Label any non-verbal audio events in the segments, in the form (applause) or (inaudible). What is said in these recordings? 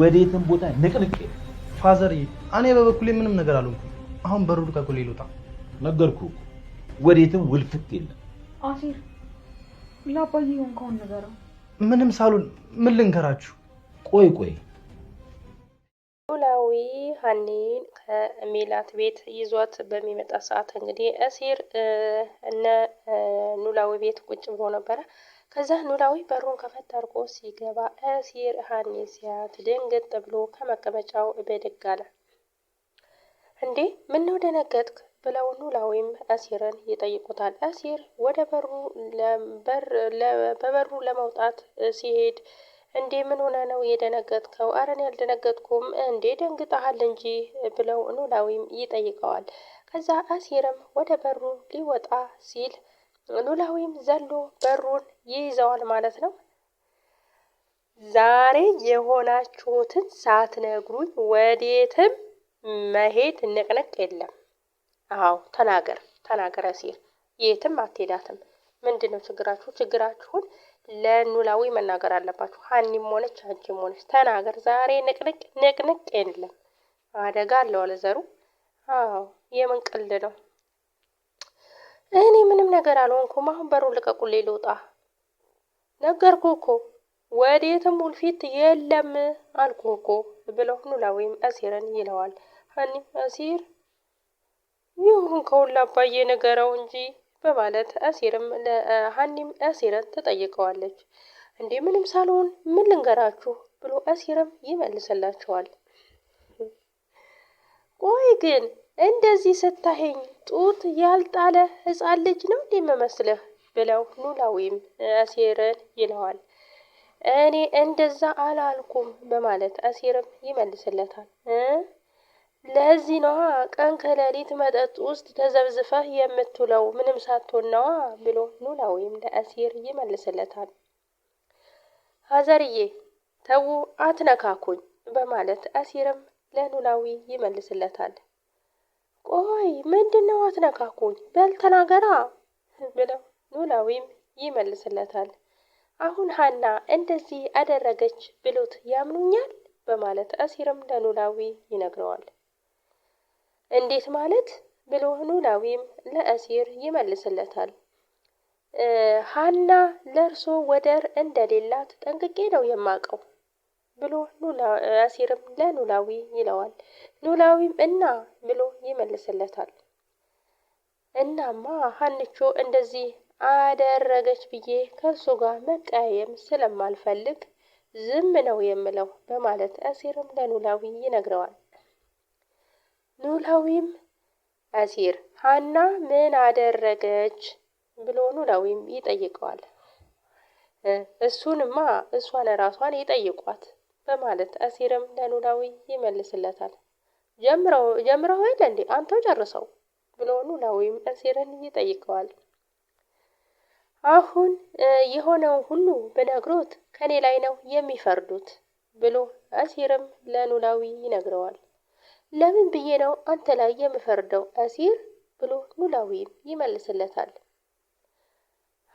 ወዴትም ቦታ ንቅንቅ። ፋዘር፣ እኔ በበኩሌ ምንም ነገር አልሆንኩም። አሁን በሩድ ከኩል ይሉጣ ነገርኩ። ወዴትም ውልፍት የለም። አሲር ለአባዬ የሆንከውን ንገረው። ምንም ሳሉን ምን ልንገራችሁ? ቆይ ቆይ ኖላዊ ሀኒን ከሜላት ቤት ይዟት በሚመጣ ሰዓት እንግዲህ እሲር እነ ኖላዊ ቤት ቁጭ ብሎ ነበረ። ከዛ ኖላዊ በሩን ከፈት አድርጎ ሲገባ እሲር ሀኔ ሲያት ደንገጥ ብሎ ከመቀመጫው ብድግ አለ። እንዴ ምነው ደነገጥክ? ብለው ኖላዊም እሲርን ይጠይቁታል። እሲር ወደ በሩ በበሩ ለመውጣት ሲሄድ እንዴ ምን ሆነ ነው የደነገጥከው? አረን ያልደነገጥኩም እንዴ ደንግጠሃል እንጂ ብለው ኖላዊም ይጠይቀዋል። ከዛ አሲርም ወደ በሩ ሊወጣ ሲል ኖላዊም ዘሎ በሩን ይይዘዋል ማለት ነው። ዛሬ የሆናችሁትን ሳትነግሩኝ ወዴትም መሄድ ንቅንቅ የለም። አዎ ተናገር ተናገረ ሲል የትም አትሄዳትም። ምንድን ነው ችግራችሁ? ችግራችሁን ለኑላዊ መናገር አለባችሁ። ሀኒም ሆነች አንቺም ሆነች ተናገር። ዛሬ ንቅንቅ ንቅንቅ የለም። አደጋ አለው አለ ዘሩ። አዎ የምን ነው? እኔ ምንም ነገር አልሆንኩም። አሁን በሩ ልቀቁልኝ ልውጣ። ነገርኩህ እኮ ወዴትም ውልፊት የለም አልኩህ እኮ ብለው ኖላዊም አሲርን ይለዋል። ሀኒ አሲር ይሁን ከሁላ አባዬ ነገረው እንጂ በማለት አሲርም ሀኒም አሲርን ትጠይቀዋለች። እንዴ ምንም ሳልሆን ምን ልንገራችሁ ብሎ አሲርም ይመልስላቸዋል። ቆይ ግን እንደዚህ ስታየኝ ጡት ያልጣለ ህፃን ልጅ ነው እንደሚመስልህ ብለው ኖላዊም አሴርን ይለዋል። እኔ እንደዛ አላልኩም በማለት አሴርም ይመልስለታል። ለዚህ ነዋ ቀን ከሌሊት መጠጥ ውስጥ ተዘብዝፈህ የምትውለው ምንም ሳትሆን ነዋ ብሎ ኖላዊም ለአሴር ይመልስለታል። አዘርዬ ተው አትነካኩኝ በማለት አሴርም ለኖላዊ ይመልስለታል። ቆይ ምንድን ነው አትነካኩኝ በል ተናገራ ብለው ኖላዊም ይመልስለታል። አሁን ሀና እንደዚህ አደረገች ብሎት ያምኑኛል በማለት አሲርም ለኖላዊ ይነግረዋል። እንዴት ማለት ብሎ ኖላዊም ለአሲር ይመልስለታል። ሀና ለእርሶ ወደር እንደሌላት ጠንቅቄ ነው የማውቀው ብሎ አሲርም ለኖላዊ ይለዋል። ኖላዊም እና ብሎ ይመልስለታል። እናማ ሀንቾ እንደዚህ አደረገች ብዬ ከእሱ ጋር መቀያየም ስለማልፈልግ ዝም ነው የምለው በማለት አሲርም ለኑላዊ ይነግረዋል። ኑላዊም አሲር ሀና ምን አደረገች ብሎ ኑላዊም ይጠይቀዋል። እሱንማ እሷን ራሷን ይጠይቋት በማለት አሲርም ለኑላዊ ይመልስለታል። ጀምረው ጀምረው ሄደ እንዴ አንተው ጨርሰው ብሎ ኑላዊም አሲርን ይጠይቀዋል። አሁን የሆነው ሁሉ ብነግሮት ከኔ ላይ ነው የሚፈርዱት ብሎ አሲርም ለኑላዊ ይነግረዋል። ለምን ብዬ ነው አንተ ላይ የምፈርደው አሲር ብሎ ኑላዊ ይመልስለታል።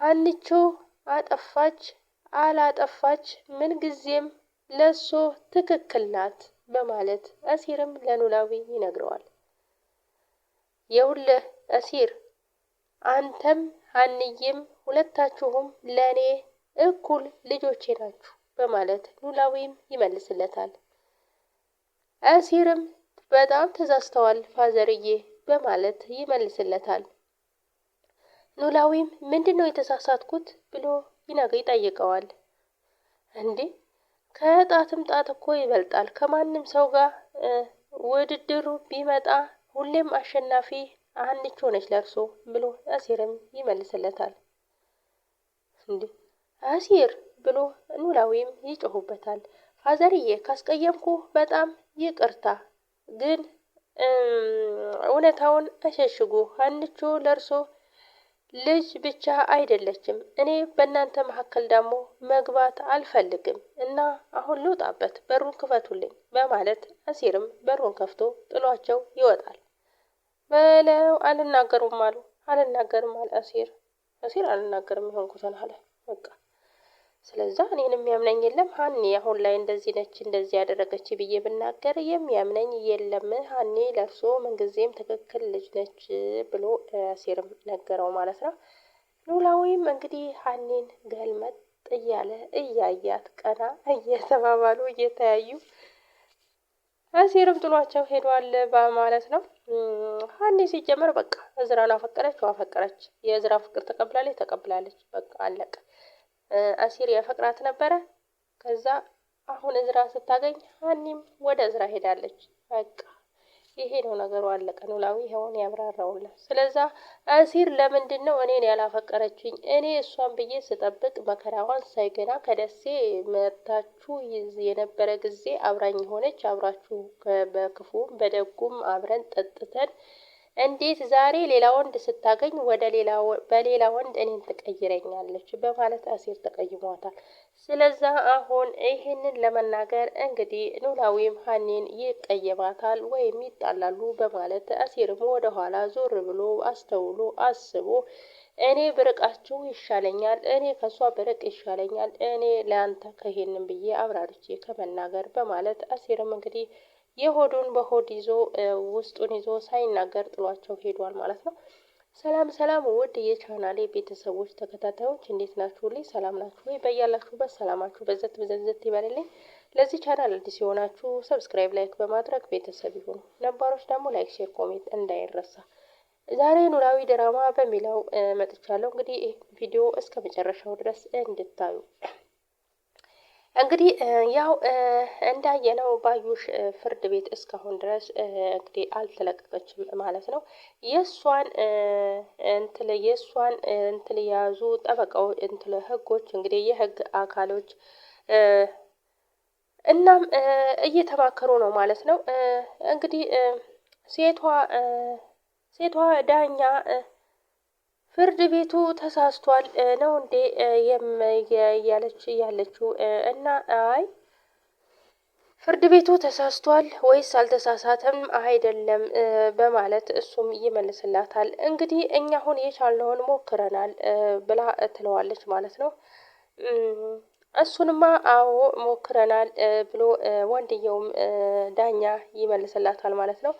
ሀንቾ አጠፋች አላጠፋች ምንጊዜም ለሶ ትክክል ናት በማለት አሲርም ለኑላዊ ይነግረዋል። የውልህ አሲር አንተም ሀንዬም ሁለታችሁም ለእኔ እኩል ልጆቼ ናችሁ በማለት ኑላዊም ይመልስለታል። አሲርም በጣም ተዛዝተዋል ፋዘርዬ በማለት ይመልስለታል። ኑላዊም ምንድን ነው የተሳሳትኩት ብሎ ይነገ ይጠይቀዋል። እንዴ ከጣትም ጣት እኮ ይበልጣል ከማንም ሰው ጋር ውድድሩ ቢመጣ ሁሌም አሸናፊ አህልች ሆነች ለእርሶ ብሎ አሴርም ይመልስለታል። እንዴ አሲር ብሎ ኑላዊም ይጮሁበታል። ፋዘርዬ ካስቀየምኩ በጣም ይቅርታ፣ ግን እውነታውን አሸሽጉ። አንቹ ለእርሶ ልጅ ብቻ አይደለችም። እኔ በእናንተ መካከል ደግሞ መግባት አልፈልግም እና አሁን ልውጣበት፣ በሩን ክፈቱልኝ በማለት አሲርም በሩን ከፍቶ ጥሏቸው ይወጣል። በለው አልናገሩም አሉ። አልናገርም አለ አሲር። አሲር አልናገርም የሆንኩትን አለ በቃ። ስለዛ እኔን የሚያምነኝ የለም። ሀኒ አሁን ላይ እንደዚህ ነች እንደዚህ ያደረገች ብዬ ብናገር የሚያምነኝ የለም። ሀኒ ለእርሶ ምንጊዜም ትክክል ልጅ ነች ብሎ አሲርም ነገረው ማለት ነው። ኖላዊም እንግዲህ ሀኒን ገልመጥ እያለ እያያት ቀና እየተባባሉ እየተያዩ አሲርም ጥሏቸው ሄዷል ማለት ነው። ሀኒ ሲጀመር በቃ እዝራን አፈቀረች አፈቀረች፣ የእዝራ ፍቅር ተቀብላለች ተቀብላለች፣ በቃ አለቀ። አሲር ያፈቅራት ነበረ። ከዛ አሁን እዝራ ስታገኝ ሀኒም ወደ እዝራ ሄዳለች በቃ ይሄ ነው ነገሩ። አለቀ። ኖላዊ ይኸውን ያብራራውላል። ስለዛ አሲር ለምንድን ነው እኔን ያላፈቀረችኝ? እኔ እሷን ብዬ ስጠብቅ መከራዋን ሳይገና ከደሴ መታችሁ የነበረ ጊዜ አብራኝ ሆነች። አብራችሁ በክፉም በደጉም አብረን ጠጥተን እንዴት ዛሬ ሌላ ወንድ ስታገኝ ወደ ሌላ በሌላ ወንድ እኔን ትቀይረኛለች በማለት አሴር ተቀይሟታል። ስለዛ አሁን ይህንን ለመናገር እንግዲህ ኖላዊም ሀኔን ይቀየማታል ወይም ይጣላሉ በማለት አሴርም ወደኋላ ዞር ብሎ አስተውሎ አስቦ እኔ ብርቃችሁ ይሻለኛል፣ እኔ ከሷ ብርቅ ይሻለኛል፣ እኔ ለአንተ ከሄንም ብዬ አብራርቼ ከመናገር በማለት አሴርም እንግዲህ የሆዱን በሆድ ይዞ ውስጡን ይዞ ሳይናገር ጥሏቸው ሄዷል ማለት ነው። ሰላም ሰላም ውድ የቻናሌ ቤተሰቦች ተከታታዮች እንዴት ናችሁ? ልኝ ሰላም ናችሁ ወይ? በያላችሁበት ሰላማችሁ በዘት በዘዘት ይበልልኝ። ለዚህ ቻናል አዲስ የሆናችሁ ሰብስክራይብ፣ ላይክ በማድረግ ቤተሰብ ይሁኑ። ነባሮች ደግሞ ላይክ፣ ሼር፣ ኮሜንት እንዳይረሳ። ዛሬ ኖላዊ ድራማ በሚለው መጥቻለሁ። እንግዲህ ቪዲዮ እስከ መጨረሻው ድረስ እንድታዩ እንግዲህ ያው እንዳየነው ባዩሽ ፍርድ ቤት እስካሁን ድረስ እንግዲህ አልተለቀቀችም ማለት ነው። የእሷን እንትል የእሷን እንትል የያዙ ጠበቃው እንትል ህጎች እንግዲህ የህግ አካሎች እናም እየተማከሩ ነው ማለት ነው። እንግዲህ ሴቷ ሴቷ ዳኛ ፍርድ ቤቱ ተሳስቷል ነው እንዴ እያለች ያለችው እና አይ ፍርድ ቤቱ ተሳስቷል ወይስ አልተሳሳተም አይደለም በማለት እሱም ይመልስላታል። እንግዲህ እኛ አሁን የቻልነውን ሞክረናል ብላ ትለዋለች ማለት ነው። እሱንማ አዎ ሞክረናል ብሎ ወንድየውም ዳኛ ይመልስላታል ማለት ነው።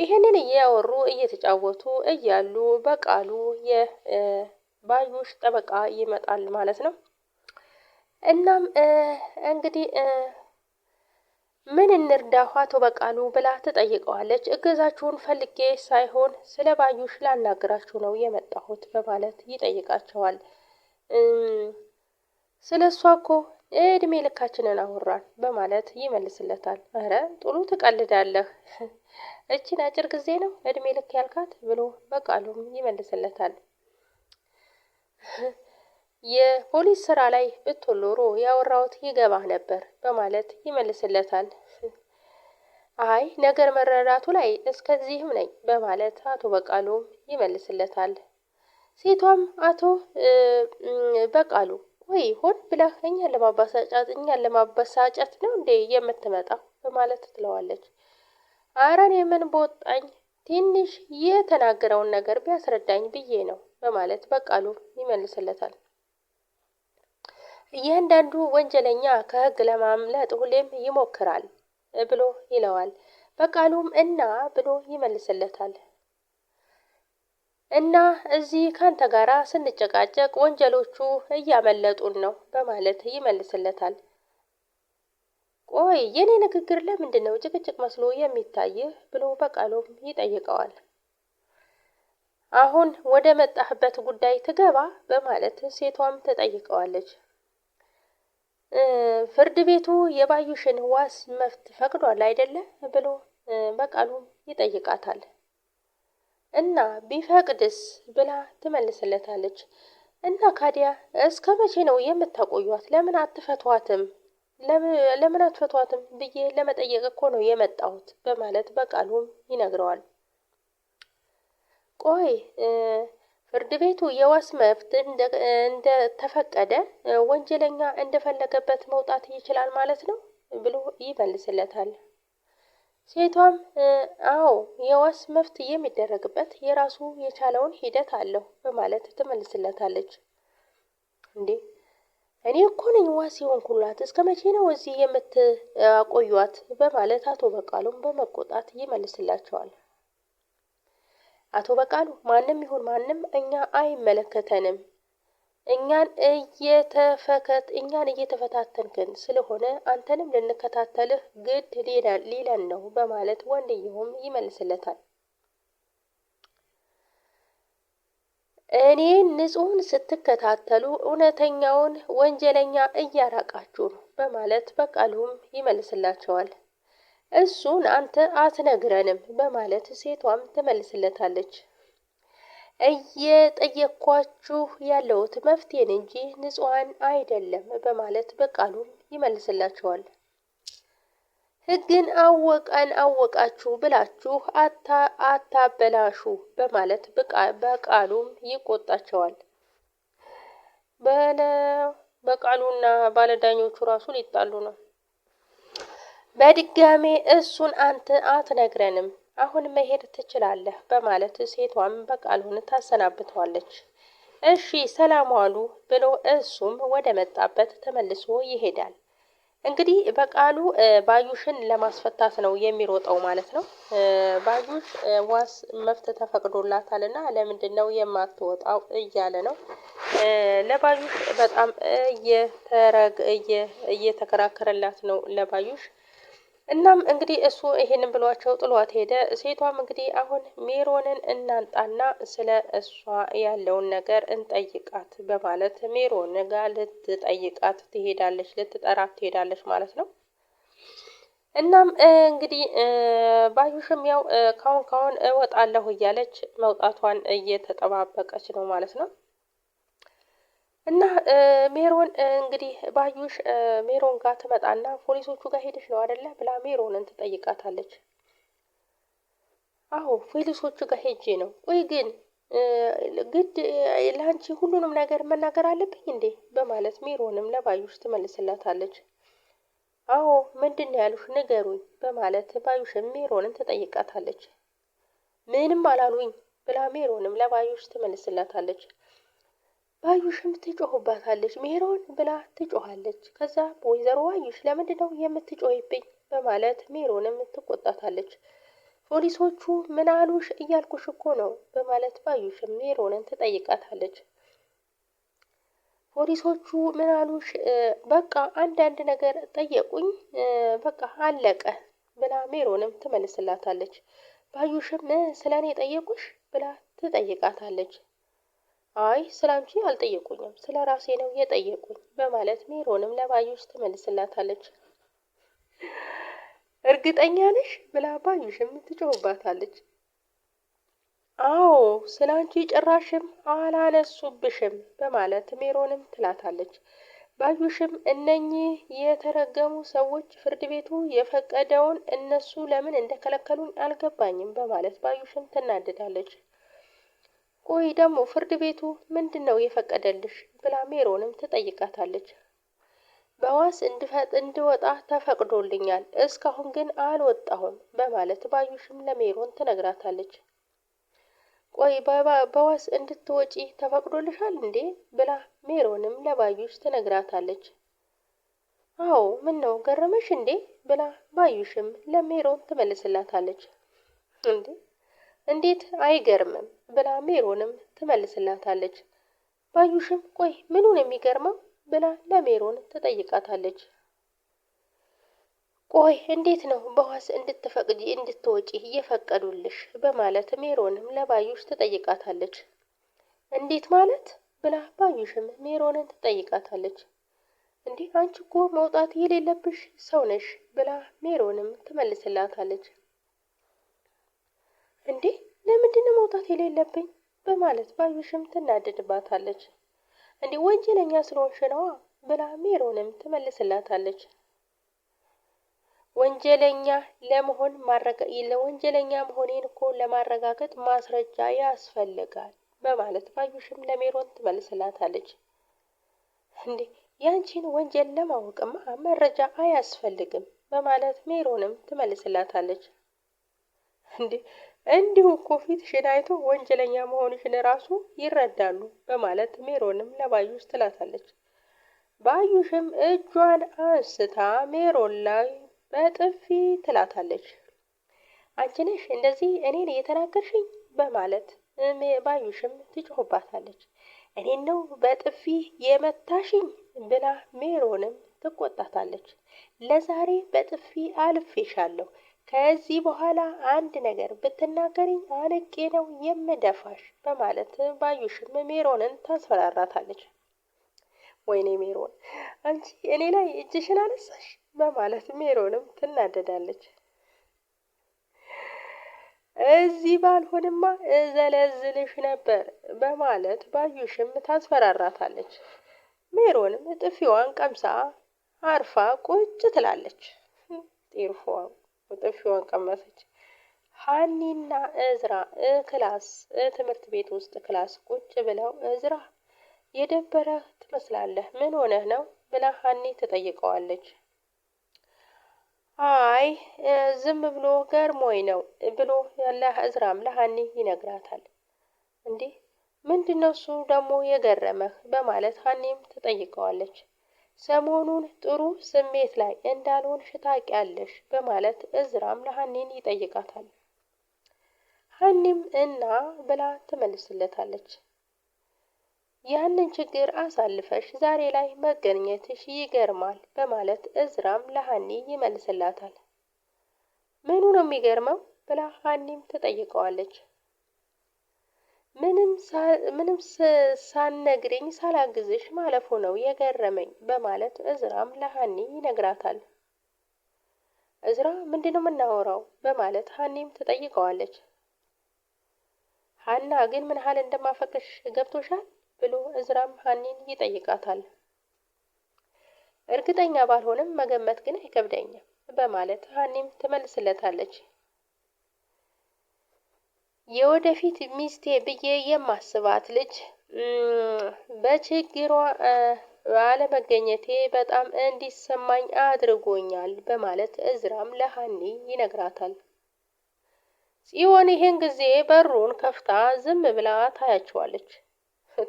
ይህንን እያወሩ እየተጫወቱ እያሉ በቃሉ የባዩሽ ጠበቃ ይመጣል ማለት ነው። እናም እንግዲህ ምን እንርዳሁ አቶ በቃሉ ብላ ትጠይቀዋለች። እገዛችሁን ፈልጌ ሳይሆን ስለ ባዩሽ ላናግራችሁ ነው የመጣሁት በማለት ይጠይቃቸዋል። ስለ እሷ እኮ እድሜ ልካችንን አወራን በማለት ይመልስለታል። እረ ጥሩ ትቀልዳለህ፣ (laughs) እችን አጭር ጊዜ ነው እድሜ ልክ ያልካት ብሎ በቃሉም ይመልስለታል። (laughs) የፖሊስ ስራ ላይ ብትሆን ኖሮ ያወራሁት ይገባህ ነበር በማለት ይመልስለታል። (laughs) አይ ነገር መረዳቱ ላይ እስከዚህም ነኝ በማለት አቶ በቃሉም ይመልስለታል። ሴቷም አቶ በቃሉ ወይ ሆድ ብላህ እኛን ለማበሳጨት እኛን ለማበሳጨት ነው እንዴ የምትመጣው? በማለት ትለዋለች። አረን የምን በወጣኝ ትንሽ የተናገረውን ነገር ቢያስረዳኝ ብዬ ነው በማለት በቃሉ ይመልስለታል። እያንዳንዱ ወንጀለኛ ከህግ ለማምለጥ ሁሌም ይሞክራል ብሎ ይለዋል። በቃሉም እና ብሎ ይመልስለታል። እና እዚህ ካንተ ጋራ ስንጨቃጨቅ ወንጀሎቹ እያመለጡን ነው በማለት ይመልስለታል። ቆይ የኔ ንግግር ለምንድን ነው ጭቅጭቅ መስሎ የሚታይህ? ብሎ በቃሉም ይጠይቀዋል። አሁን ወደ መጣህበት ጉዳይ ትገባ በማለት ሴቷም ትጠይቀዋለች። ፍርድ ቤቱ የባዩሽን ዋስ መፍት ፈቅዷል አይደለ? ብሎ በቃሉም ይጠይቃታል። እና ቢፈቅድስ ብላ ትመልስለታለች። እና ካዲያ እስከ መቼ ነው የምታቆዩት? ለምን አትፈቷትም? ለምን አትፈቷትም ብዬ ለመጠየቅ እኮ ነው የመጣሁት በማለት በቃሉም ይነግረዋል። ቆይ ፍርድ ቤቱ የዋስ መብት እንደተፈቀደ ወንጀለኛ እንደፈለገበት መውጣት ይችላል ማለት ነው ብሎ ይመልስለታል። ሴቷም አዎ የዋስ መፍት የሚደረግበት የራሱ የቻለውን ሂደት አለው በማለት ትመልስለታለች። እንዴ እኔ እኮ ነኝ ዋስ የሆንኩላት እስከ መቼ ነው እዚህ የምትቆዩት? በማለት አቶ በቃሉም በመቆጣት ይመልስላቸዋል። አቶ በቃሉ ማንም ይሁን ማንም እኛ አይመለከተንም እኛን እየተፈከት እኛን እየተፈታተንክን ስለሆነ አንተንም ልንከታተልህ ግድ ሊለን ነው በማለት ወንድየውም ይመልስለታል። እኔን ንጹህን ስትከታተሉ እውነተኛውን ወንጀለኛ እያራቃችሁ ነው በማለት በቃሉም ይመልስላቸዋል። እሱን አንተ አትነግረንም በማለት ሴቷም ትመልስለታለች። እየጠየኳችሁ ያለሁት መፍትሄን እንጂ ንጹሐን አይደለም በማለት በቃሉ ይመልስላቸዋል። ህግን አወቀን አወቃችሁ ብላችሁ አታበላሹ በማለት በቃሉም ይቆጣቸዋል። በቃሉና ባለዳኞቹ ራሱ ሊጣሉ ነው። በድጋሜ እሱን አንተ አትነግረንም አሁን መሄድ ትችላለህ በማለት ሴቷም በቃሉን ታሰናብተዋለች። እሺ ሰላም ዋሉ ብሎ እሱም ወደ መጣበት ተመልሶ ይሄዳል። እንግዲህ በቃሉ ባዩሽን ለማስፈታት ነው የሚሮጠው ማለት ነው። ባዩሽ ዋስ መፍት ተፈቅዶላታል እና ለምንድን ነው የማትወጣው እያለ ነው። ለባዩሽ በጣም እየተከራከረላት ነው ለባዩሽ እናም እንግዲህ እሱ ይሄንን ብሏቸው ጥሏት ሄደ። ሴቷም እንግዲህ አሁን ሜሮንን እናንጣና ስለ እሷ ያለውን ነገር እንጠይቃት በማለት ሜሮን ጋር ልትጠይቃት ትሄዳለች፣ ልትጠራት ትሄዳለች ማለት ነው። እናም እንግዲህ ባዩሽም ያው ካሁን ካሁን እወጣለሁ እያለች መውጣቷን እየተጠባበቀች ነው ማለት ነው። እና ሜሮን እንግዲህ ባዩሽ ሜሮን ጋር ትመጣና ፖሊሶቹ ጋር ሄደሽ ነው አደለ ብላ ሜሮንን ትጠይቃታለች። አዎ ፖሊሶቹ ጋር ሄጄ ነው። ወይ ግን ግድ ለአንቺ ሁሉንም ነገር መናገር አለብኝ እንዴ በማለት ሜሮንም ለባዩሽ ትመልስላታለች። አዎ ምንድን ነው ያሉሽ ንገሩኝ በማለት ባዩሽም ሜሮንን ትጠይቃታለች። ምንም አላሉኝ ብላ ሜሮንም ለባዩሽ ትመልስላታለች። ባዩሽም ትጮህባታለች። ሜሮን ብላ ትጮሃለች። ከዛ ወይዘሮ ባዩሽ ለምንድነው የምትጮህብኝ በማለት ሜሮንም ትቆጣታለች። ፖሊሶቹ ምን አሉሽ እያልኩሽ እኮ ነው በማለት ባዩሽም ሜሮንን ትጠይቃታለች። ፖሊሶቹ ምን አሉሽ? በቃ አንዳንድ ነገር ጠየቁኝ፣ በቃ አለቀ ብላ ሜሮንም ትመልስላታለች። ባዩሽም ስለ እኔ ጠየቁሽ ብላ ትጠይቃታለች። አይ ስላንቺ አልጠየቁኝም ስለ ራሴ ነው የጠየቁኝ በማለት ሜሮንም ለባዩሽ ትመልስላታለች። እርግጠኛ ነሽ ብላ ባዩሽም ትጮህባታለች። አዎ ስላንቺ ጭራሽም አላነሱብሽም በማለት ሜሮንም ትላታለች። ባዩሽም እነኚህ የተረገሙ ሰዎች ፍርድ ቤቱ የፈቀደውን እነሱ ለምን እንደከለከሉኝ አልገባኝም በማለት ባዩሽም ትናደዳለች። ቆይ ደግሞ ፍርድ ቤቱ ምንድን ነው የፈቀደልሽ ብላ ሜሮንም ትጠይቃታለች። በዋስ እንድወጣ ተፈቅዶልኛል፣ እስካሁን ግን አልወጣሁም በማለት ባዩሽም ለሜሮን ትነግራታለች። ቆይ በዋስ እንድትወጪ ተፈቅዶልሻል እንዴ ብላ ሜሮንም ለባዩሽ ትነግራታለች። አዎ ምን ነው ገረመሽ እንዴ ብላ ባዩሽም ለሜሮን ትመልስላታለች። እንዴ እንዴት አይገርምም ብላ ሜሮንም ትመልስላታለች። ባዩሽም ቆይ ምኑን የሚገርመው ብላ ለሜሮን ትጠይቃታለች። ቆይ እንዴት ነው በዋስ እንድትፈቅጂ እንድትወጪ እየፈቀዱልሽ በማለት ሜሮንም ለባዩሽ ትጠይቃታለች። እንዴት ማለት ብላ ባዩሽም ሜሮንን ትጠይቃታለች። እንዲህ አንቺ እኮ መውጣት የሌለብሽ ሰው ነሽ ብላ ሜሮንም ትመልስላታለች። እንዴ ለምንድነው መውጣት የሌለብኝ በማለት ባዩሽም ትናደድባታለች። እንዴ ወንጀለኛ ስለሆንሽ ነዋ ብላ ሜሮንም ትመልስላታለች። ወንጀለኛ ለመሆን ለወንጀለኛ መሆኔን እኮ ለማረጋገጥ ማስረጃ ያስፈልጋል በማለት ባዩሽም ለሜሮን ትመልስላታለች። እንዴ ያንቺን ወንጀል ለማወቅማ መረጃ አያስፈልግም በማለት ሜሮንም ትመልስላታለች። እንዴ እንዲሁ እኮ ፊትሽን አይቶ ወንጀለኛ መሆንሽን ራሱ ይረዳሉ በማለት ሜሮንም ለባዩሽ ትላታለች። ባዩሽም እጇን አንስታ ሜሮን ላይ በጥፊ ትላታለች። አንቺ ነሽ እንደዚህ እኔን እየተናገርሽኝ በማለት ባዩሽም ትጮህባታለች። እኔን ነው በጥፊ የመታሽኝ ብላ ሜሮንም ትቆጣታለች። ለዛሬ በጥፊ አልፌሻለሁ ከዚህ በኋላ አንድ ነገር ብትናገርኝ አንቄ ነው የምደፋሽ በማለት ባዩሽም ሜሮንን ታስፈራራታለች። ወይኔ ሜሮን አንቺ እኔ ላይ እጅሽን አነሳሽ በማለት ሜሮንም ትናደዳለች። እዚህ ባልሆንማ እዘለዝልሽ ነበር በማለት ባዩሽም ታስፈራራታለች። ሜሮንም ጥፊዋን ቀምሳ አርፋ ቁጭ ትላለች። ጤርፎዋ ጥፊዋን ቀመሰች። ሀኒና እዝራ ክላስ ትምህርት ቤት ውስጥ ክላስ ቁጭ ብለው እዝራ የደበረህ ትመስላለህ፣ ምን ሆነህ ነው ብላ ሀኒ ትጠይቀዋለች። አይ ዝም ብሎ ገርሞኝ ነው ብሎ እዝራም ለሀኒ ይነግራታል። እንዲህ ምንድነው እሱ ደግሞ የገረመህ በማለት ሀኒም ትጠይቀዋለች። ሰሞኑን ጥሩ ስሜት ላይ እንዳልሆንሽ ታውቂያለሽ በማለት እዝራም ለሀኒን ይጠይቃታል። ሀኒም እና ብላ ትመልስለታለች። ያንን ችግር አሳልፈሽ ዛሬ ላይ መገኘትሽ ይገርማል በማለት እዝራም ለሀኒ ይመልስላታል። ምኑ ነው የሚገርመው ብላ ሀኒም ትጠይቀዋለች። ምንም ሳነግሪኝ ሳላግዝሽ ማለፉ ነው የገረመኝ በማለት እዝራም ለሀኒ ይነግራታል። እዝራ ምንድነው የምናወራው በማለት ሀኒም ትጠይቀዋለች። ሀና ግን ምን ያህል እንደማፈቅሽ ገብቶሻል ብሎ እዝራም ሀኒን ይጠይቃታል። እርግጠኛ ባልሆንም መገመት ግን አይከብደኝም በማለት ሀኒም ትመልስለታለች። የወደፊት ሚስቴ ብዬ የማስባት ልጅ በችግሯ አለመገኘቴ በጣም እንዲሰማኝ አድርጎኛል በማለት እዝራም ለሀኒ ይነግራታል። ጽዮን ይህን ጊዜ በሩን ከፍታ ዝም ብላ ታያቸዋለች።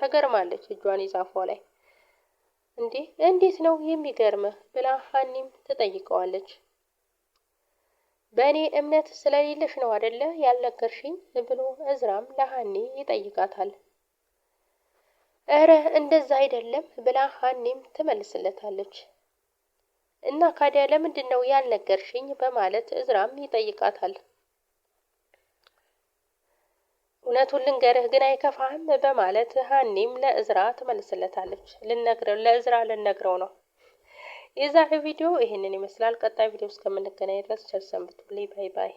ተገርማለች። እጇን ይዛፏ ላይ እንዴ እንዴት ነው የሚገርምህ ብላ ሀኒም ትጠይቀዋለች። በእኔ እምነት ስለሌለሽ ነው አደለ ያልነገርሽኝ ብሎ እዝራም ለሀኒ ይጠይቃታል። እረ እንደዛ አይደለም ብላ ሀኒም ትመልስለታለች። እና ካዲያ ለምንድን ነው ያልነገርሽኝ በማለት እዝራም ይጠይቃታል። እውነቱን ልንገርህ ግን አይከፋህም በማለት ሀኒም ለእዝራ ትመልስለታለች። ልነግረው ለእዝራ ልነግረው ነው የዛሬ ቪዲዮ ይህንን ይመስላል። ቀጣይ ቪዲዮ እስከምንገናኝ ድረስ ቸር ሰንብቱ። ባይ ባይ።